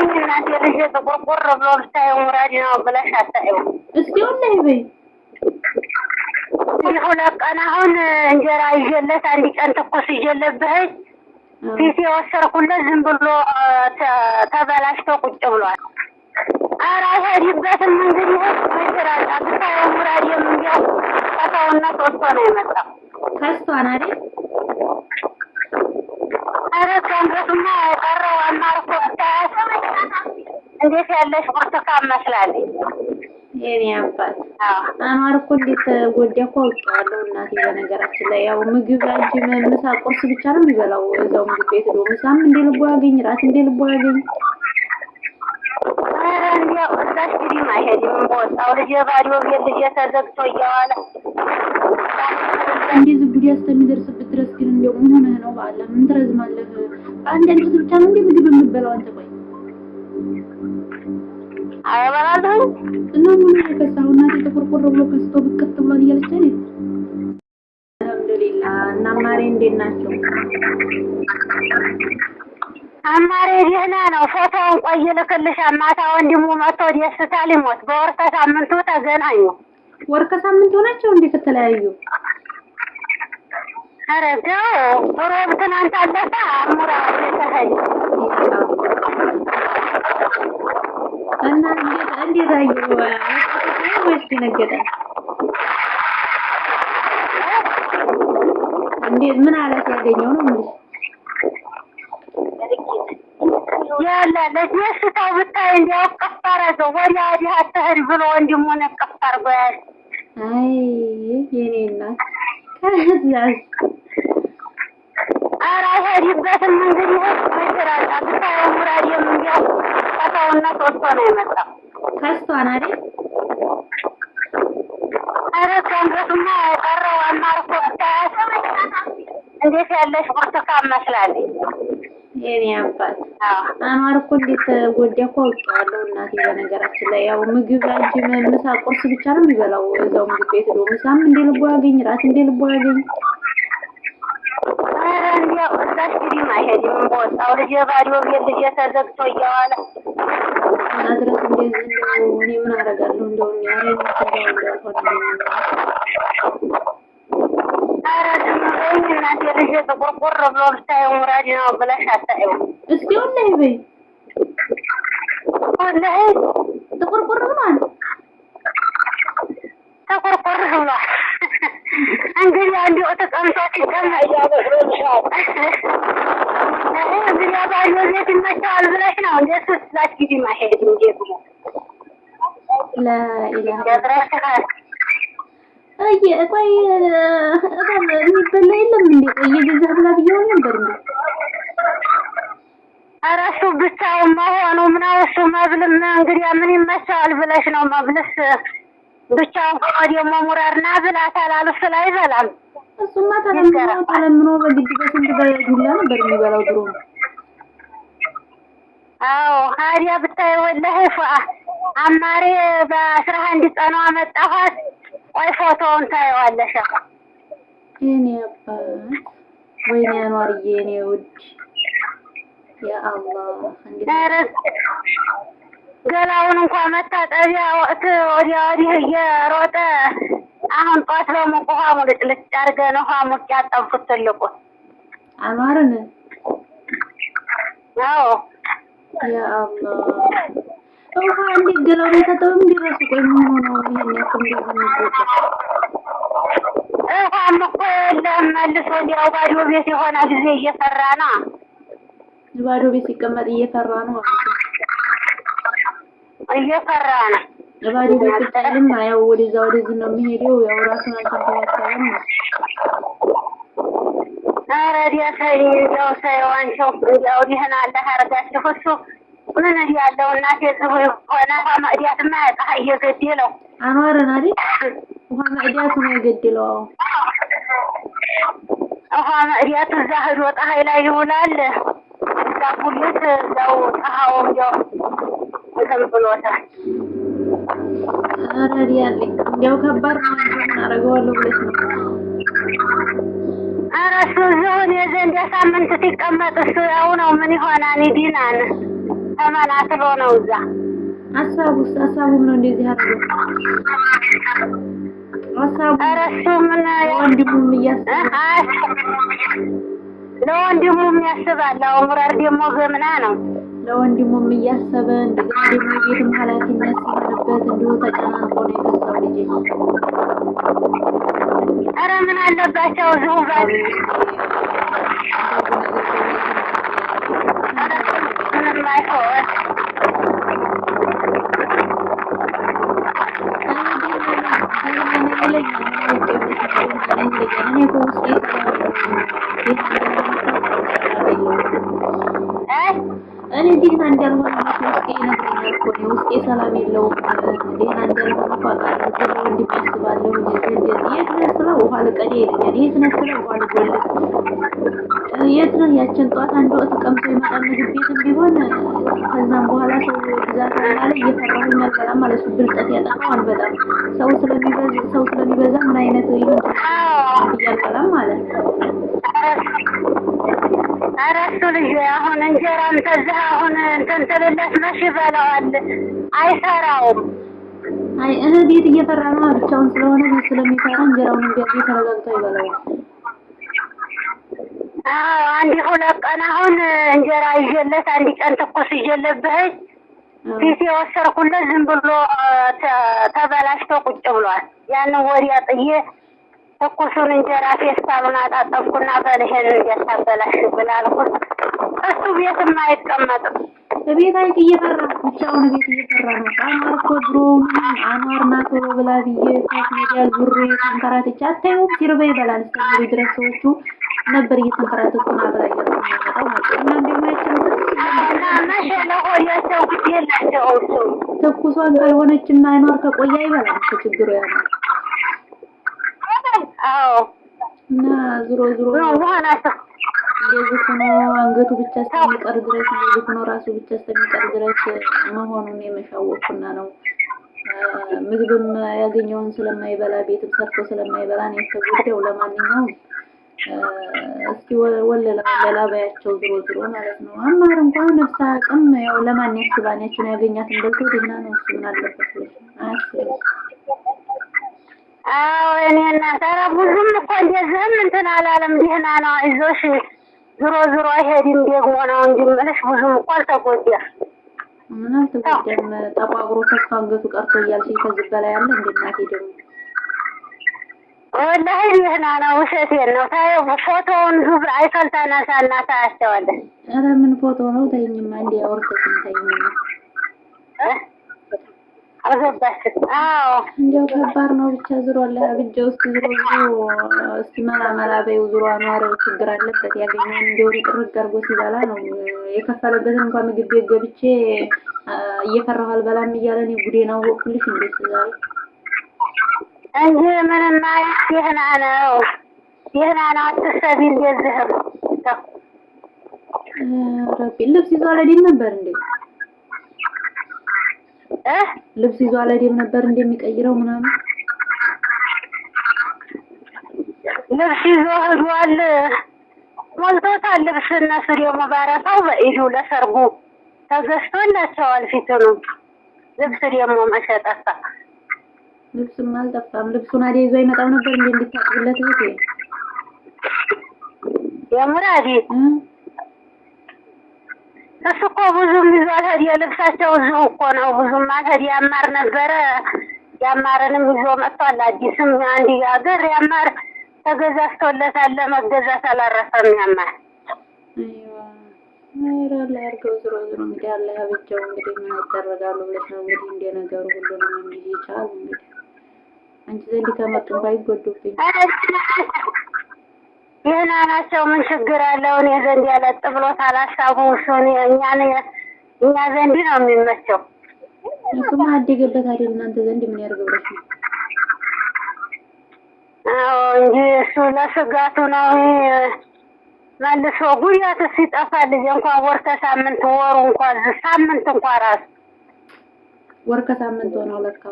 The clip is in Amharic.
አንቺ ልጅ ተቆርቆር ሙራድ ቀን አሁን እንጀራ ይዤለት አንድ ቀን ትኩስ ይዤለት ፊት የወሰርኩለት ዝም ብሎ ተበላሽቶ ቁጭ ብሏል። ኧረ አይሄድበትም እንግዲህ መስራታ ብታየው ሙራድ የምንዲያው ከሰውነት ወጥቶ ነው የመጣው ከስቷን አይደል? ኧረ ከንገቱማ ቀረው አማርኮ እንዴት ያለሽ ብርቱካን መስላለች። የኔ አባት አኗር እኮ እንዴት ጎዳ እኮ እናቴ። በነገራችን ላይ ያው ምግብ አንቺ ምሳ ቁርስ ብቻ ነው የሚበላው እዛው ምግብ ቤት ነው። ምሳም እንዴ ልቦ ያገኝ፣ ራት እንዴ ልቦ ያገኝ። እንዲያው እዛሽ ጉድ ድረስ ግን እንደው ምን ሆነህ ነው? በዓለም ምን ትረዝማለህ? አንድ ብቻ ነው እንዴ ምግብ የምትበላው አንተ አረበላለሁ እና ናቸው? አማሬ ደህና ነው። ፎቶውን ቆይ ልክልሽ። ማታ ወንድሙ መቶ ደስታ ሊሞት በወር ከሳምንቱ ተገናኙ። ወር ከሳምንቱ ናቸው እንዴ ከተለያዩ? ኧረ ተው ሮብ ትናንት አለፈ አሙራ ተሰኝ እና እንዴት አየሁ ወይስ እንዴት ምን አላት? ያገኘው ነው እንዴ? ያላ ለየሽታው ብታይ እንዲያው ከፍ አደረገው። ወዲያ ወዲህ አትሄድ ብሎ ወንድሙን ከፍ አድርጎ አይ የኔ እናት ከዛስ ኧረ አይሄድበትም እንግዲህ ይሄድ ይችላል። አብታየ ሙራድ የምንዲያው ሰውና ሶስቷ ነው የመጣው ከስቷን አይደል? ኧረ ከንገቱማ ቀረው አማርኮ ታያሰም እንዴት ያለሽ ብርቱካን መስላለች። የኔ አባት አማር እኮ እንዴት ጎዳ እኮ አውቄዋለሁ እናቴ። በነገራችን ላይ ያው ምግብ አንቺ ምሳ ቁርስ ብቻ ነው የሚበላው እዛው ምግብ ቤት ዶ ምሳም እንደ ልቦ ያገኝ ራት እንደ ልቦ ያገኝ እንዲያ እዛ ስቱዲዮ ማሄድ ወጣ ልጅ ባዶ ቤት ልጅ ተዘግቶ እያዋለ አድረስ እንደዚህ እንደው እኔ ምን አደርጋለሁ እንደው ያሬ ኧረ ዝም በይኝ እናቴ ልጅ ጥቁርቁር ብሎ ብታየው ሙራድ ነው ብለሽ አታየው እስኪ ወላሂ በይ ወላሂ ጥቁርቁር ብሏል ተቆርቆር ብሏል እንግዲህ አንድ ተቀምጦ እንግዲህ ባዶ ቤት ይመቸዋል ብለሽ ነው እንደሱ ስላት ጊዜ ማሄድ እንጂ እየ ቆይ በጣም የሚበላ የለም እንዴ? ቆይ የገዛህ ብላ ብየው ነበር እንዴ? ኧረ እሱ ብቻውን መሆኑ ምናምን እሱ መብልም እንግዲህ ምን ይመቸዋል ብለሽ ነው መብልስ ብቻ ቆሞ ደግሞ ሙራርና ብላት አላሉ ስለ አይበላም። እሱማ ተለምኖ ተለምኖ በግድ በስንት በዱላ ነበር የሚበላው ድሮ። አዎ ሀዲያ ብታይ ወላሂ ፏ አማሬ በአስራ አንድ ጸኗ መጣኋት። ቆይ ፎቶውን ታየዋለሽ። የኔ አባት ወይኔ አኗርዬ የኔ ውድ የአላህ እንዴ ገላውን እንኳ መታጠቢያ ወቅት ወዲያ ወዲህ እየሮጠ አሁን ጧት በሙቅ ውሃ ሙልጭ ልጭ አድርገን ውሃ ሙቅ ያጠብኩት ትልቁን አማርን። አዎ ውሃ እንዴት ገላውን የታጠበ እንዲረሱ ቆይ ምን ሆነው ይህን ያክል ውሃም እኮ የለም መልሶ እንዲያው ባዶ ቤት የሆነ ጊዜ እየፈራ ነው። ባዶ ቤት ሲቀመጥ እየፈራ ነው። እየፈራ ነው። ለባሪ ቤተሰብም ያው ወደዛ ወደዚህ ነው የሚሄደው። ያው ራሱን አልተንከባከበም። ኧረ ዲያሳይ ያው ሳይዋንቸው ያው ይህን አለ አረጋችሁ እሱ ምን ያለው እናቴ ጽሁ የሆነ ውሃ ማዕድያትማ ፀሐይ እየገደለው አኗርን አይደል? ውሃ ማዕድያቱ ነው የገደለው። ውሃ ማዕድያቱ እዛ ሂዶ ፀሐይ ላይ ይውላል። እዛ ሁሉት እዛው ፀሐው እንዲያው ብሎታል። እንዲያው ከባድ ነው። እናደርገዋለሁ ብለሽ ነው? ኧረ እሱ እዚሁ እኔ ሳምንት ሲቀመጥ እሱ ያው ነው። ምን ይሆናል? ይድናል። ተመናትሎ ነው እዛ ሀሳቡ ውስጥ ሀሳቡም ነው እንደዚህ ለወንድሙም ያስባል። አሁን ሙራር ደግሞ ገምና ነው ለወንድሙም እያሰበ እንደገና ደግሞ ቤትም ኃላፊነት ሲሆንበት እንዲሁ ተጨናንቆ ነው የመሰው ልጅ። ኧረ ምን አለባቸው እዚሁ ጋር ምንም ሰላም የለውም። ሌላ እንደማፋ ቃል እንዲህ አስባለሁ። የት ውሃ ልቀድ ይለኛል። የት ውሃ የት ያችን ጠዋት አንድ ቢሆን ከዛም በኋላ ሰው ብዛት ላለ እየፈራሁ አልበላም ማለት ነው። ብልጠት ያጠፋው አልበላም። ሰው ስለሚበዛ ሰው ስለሚበዛ ምን አይነት ይሁን እያልበላም ማለት ነው። ኧረ ልጅ አሁን እንጀራም ተዝህ አሁን እንትን ትልለት መሽ ይበለዋል አይሰራውም አይ እህ ቤት እየፈራ ነው ብቻውን ስለሆነ ቤት ስለሚፈራ እንጀራውን እንዲያዝ ተረጋግቶ ይበላል። አዎ አንድ ሁለት ቀን አሁን እንጀራ ይዤለት አንድ ቀን ትኩስ ይዤለብህ ፊት የወሰርኩለት ዝም ብሎ ተበላሽቶ ቁጭ ብሏል። ያንን ወዲያ ጥዬ ትኩሱን እንጀራ ፌስታሉን አጣጠፍኩና በልሄን እንዲያታበላሽ ብላልኩት እሱ ቤትም አይቀመጥም። ቤት አይቅ እየፈራ ብቻውን ቤት እየፈራ ነው። አኗር እኮ ድሮም አኗር ናት ብላ ብዬ ሶስት ሚዲያ ዙሬ ተንከራትቼ አታዩም ሲርበ ይበላል እስከሚሉ ድረስ ሰዎቹ ነበር እየተንከራተቱ ና ብላ እያመጣው እና እንደማይችሉትለሆያቸው ግድ የላቸውም። ትኩሷን ካልሆነችማ አይኗር ከቆያ ይበላል ከችግሩ ያለው እና ዞሮ እንደዚህ ሆኖ አንገቱ ብቻ እስከሚቀር ድረስ እንደዚህ ሆኖ ራሱ ብቻ እስከሚቀር ድረስ መሆኑን የመሻወቅኩና ነው። ምግብም ያገኘውን ስለማይበላ ቤትም ሰርቶ ስለማይበላ ነው የተጎዳው። ለማንኛውም እስቲ ወለላ ወለላ ባያቸው ዝሮ ዝሮ ማለት ነው። አማር እንኳን ነፍስ አቅም ያው ለማን ያስባን ያገኛት ያገኛትን በልቶ ድና ነው እሱ ምን አለበት ብለሽ አዎ እኔ እናንተ ኧረ ብዙም እኮ እንደዚህም እንትን አላለም። ደህና ነው አይዞሽ ዝሮ ዝሮ አይሄድም ደግሞ ነው እንጂ የምልሽ ብዙም እኮ አልተጎዳም። ምን አልተጎዳም፣ ጠቋቁሮ ተስፋ አንገቱ ቀርቶ እያልሽኝ ከዚህ በላይ አለ እንደ እናቴ ደግሞ ወላሂ ደህና ነው። ውሸቴን ነው። ታየው ፎቶውን ዙብ ታያቸዋለን። ኧረ ምን ፎቶ ነው? ተይኝማ አውርተሽ ተይኝማ እንዲያው ከባድ ነው ብቻ ዝሮ ለአብጃ ውስጥ ዝሮ ዝሮ መላ መላ በይው ዝሮ አማረው ችግር አለበት ያገኘውን እንዲያው ሪቅርቅ አድርጎ ሲበላ ነው የከፈለበትን እንኳን ምግብ ቤት ገብቼ እየፈራሁ አልበላም እያለ እኔ ጉዴን አወቅኩልሽ እንዴት ዛሬ እንጂ ምንም ይህና ነው ይህና ነው አትሰቢ እንደዚህም ረቢ ልብስ ይዞ አልሄድም ነበር እንዴ ልብስ ይዞ ነበር እንደሚቀይረው ምናምን ልብስ ይዞ ሞልቶታል። ልብስ በኢዱ ለሰርጉ ተገዝቶላቸዋል። ልብስ ደግሞ ጠፋ። ልብስም አልጠፋም። ልብሱን አደይ ይዞ አይመጣም ነበር እንዴ እንድታጥብለት ይሄ የሙራዴ እሱ እኮ ብዙም ይዟል ሀዲያ ልብሳቸው እዚሁ እኮ ነው። ብዙም ማለት ያማር ነበረ። ያማርንም ይዞ መጥቷል። አዲስም አንድ ሀገር ያማር ተገዛዝቶለታል። ለመገዛት አላረፈም። ያማር ራ ያርገው። ዝሮ ዝሮ እንግዲህ አለ ያበጀው። እንግዲህ ምን ያደረጋሉ ብለሽ ነው እንግዲህ እንደ ነገሩ ሁሉንም እንግዲህ ይቻል እንግዲህ አንቺ ዘንድ ከመጡ ባይጎዱብኝ ደህና ናቸው። ምን ችግር አለው? እኔ ዘንድ ያለጥ ብሎ ታላሳቡ እሱን እኛን እኛ ዘንድ ነው የሚመቸው። እሱም አደገበት አይደል? እናንተ ዘንድ ምን ያደርግበት ነው? አዎ እንጂ እሱ ለስጋቱ ነው መልሶ ጉያት ሲጠፋ ልጅ እንኳን ወር ከሳምንት ወሩ እንኳን ሳምንት እንኳን ራሱ ወር ከሳምንት ሆነው ለካ